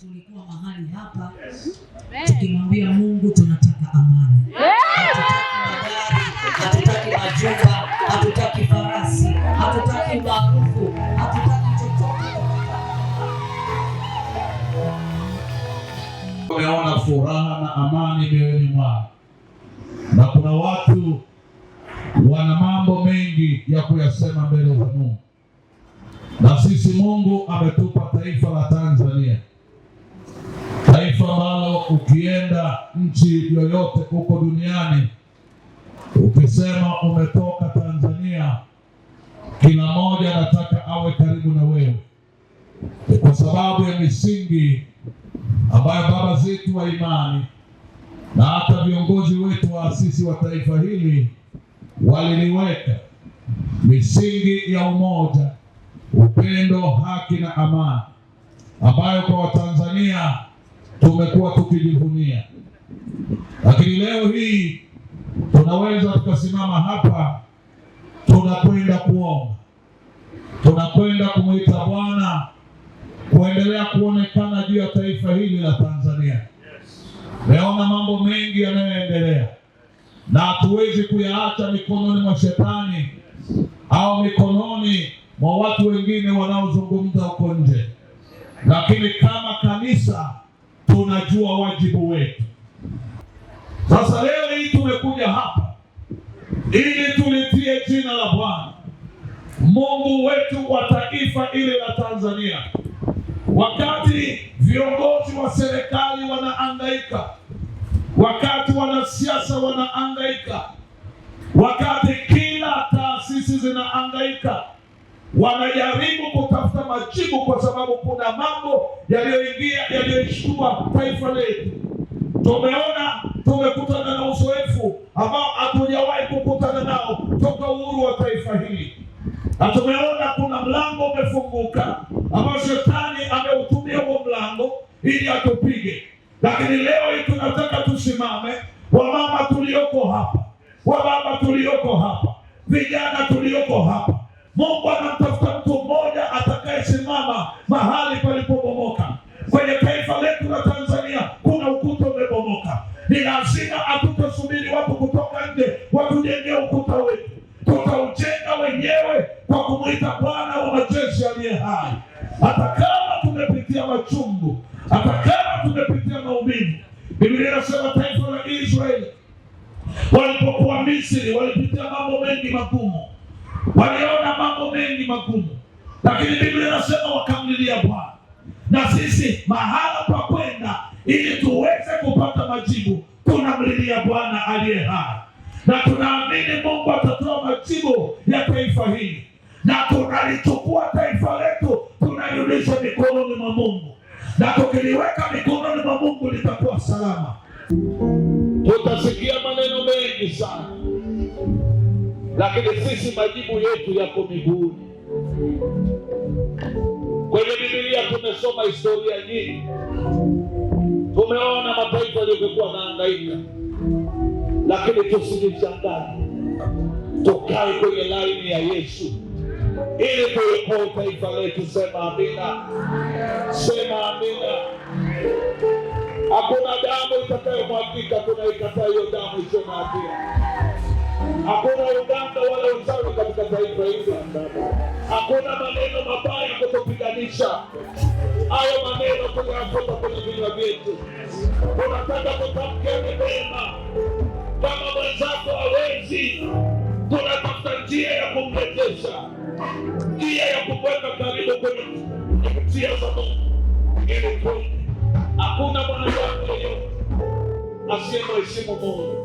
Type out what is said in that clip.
tulikuwa mahali hapa tukimwambia Mungu tunataka amani, hatutaki majumba, hatutaki farasi, hatutaki maarufu, hatutaki chochote. Umeona furaha na amani mioyoni mwao, na kuna watu wana mambo mengi ya kuyasema mbele za Mungu, na sisi Mungu ametupa taifa la Tanzania ambalo ukienda nchi yoyote huko duniani, ukisema umetoka Tanzania, kila mmoja anataka awe karibu na wewe, kwa sababu ya misingi ambayo baba zetu wa imani na hata viongozi wetu waasisi wa taifa hili waliliweka, misingi ya umoja, upendo, haki na amani, ambayo kwa Watanzania tumekuwa tukijivunia, lakini leo hii tunaweza tukasimama hapa, tunakwenda kuomba, tunakwenda kumwita Bwana kuendelea kuonekana juu ya taifa hili la Tanzania. Naona mambo mengi yanayoendelea na hatuwezi kuyaacha mikononi mwa shetani au mikononi mwa watu wengine wanaozungumza huko nje, lakini kama kanisa tunajua wajibu wetu. Sasa leo hii tumekuja hapa ili tulitie jina la Bwana Mungu wetu wa taifa ile la Tanzania. Wakati viongozi wa serikali wanaangaika, wakati wanasiasa wanaangaika, wakati kila taasisi zinaangaika wanajaribu kutafuta majibu, kwa sababu kuna mambo yaliyoingia yaliyoishtua taifa letu. Tumeona, tumekutana na uzoefu ambao hatujawahi kukutana nao toka uhuru wa taifa hili, na tumeona kuna mlango umefunguka ambao shetani ameutumia huo mlango ili atupige. Lakini leo hii tunataka tusimame, wamama tulioko hapa, wababa tulioko hapa, vijana tulioko hapa Mungu anamtafuta mtu mmoja atakayesimama mahali palipobomoka. Kwenye taifa letu la Tanzania kuna ukuta umebomoka, ni lazima atutasubiri watu kutoka nje watujengee ukuta wetu, tutaujenga wenyewe kwa kumwita Bwana wa majeshi aliye hai. Hata kama tumepitia machungu, hata kama tumepitia maumivu, Biblia inasema taifa la Israeli walipokuwa Misri walipitia mambo mengi magumu Waliona mambo mengi magumu, lakini Biblia inasema wakamlilia Bwana. Na sisi mahala pa kwenda ili tuweze kupata majibu, tunamlilia Bwana aliye hai, na tunaamini Mungu atatoa majibu ya taifa hili, na tunalichukua taifa letu, tunarudisha mikononi mwa Mungu, na tukiliweka mikononi mwa Mungu litakuwa salama. Tutasikia maneno mengi sana lakini sisi majibu yetu yako miguni Kwenye Biblia tumesoma historia nyingi, tumeona mataifa yalivyokuwa naangaika, lakini tusijishangae, tukae kwenye laini ya Yesu ili kuokoa taifa letu. Sema amina, sema amina. Hakuna damu itakayomwagika, tunaikataa hiyo damu isiyo na hatia. Hakuna uganda wala uchawi katika taifa hili. Hakuna maneno mabaya kutopiganisha Hayo maneno kuyafuta kwenye vinywa vyetu. Tunataka tutamkeni mema. Kama mwenzako hawezi, tunatafuta njia ya kumrejesha, njia ya kumweka karibu kwenye njia za Mungu ili Hakuna mwanadamu yeyote asiyemheshimu Mungu.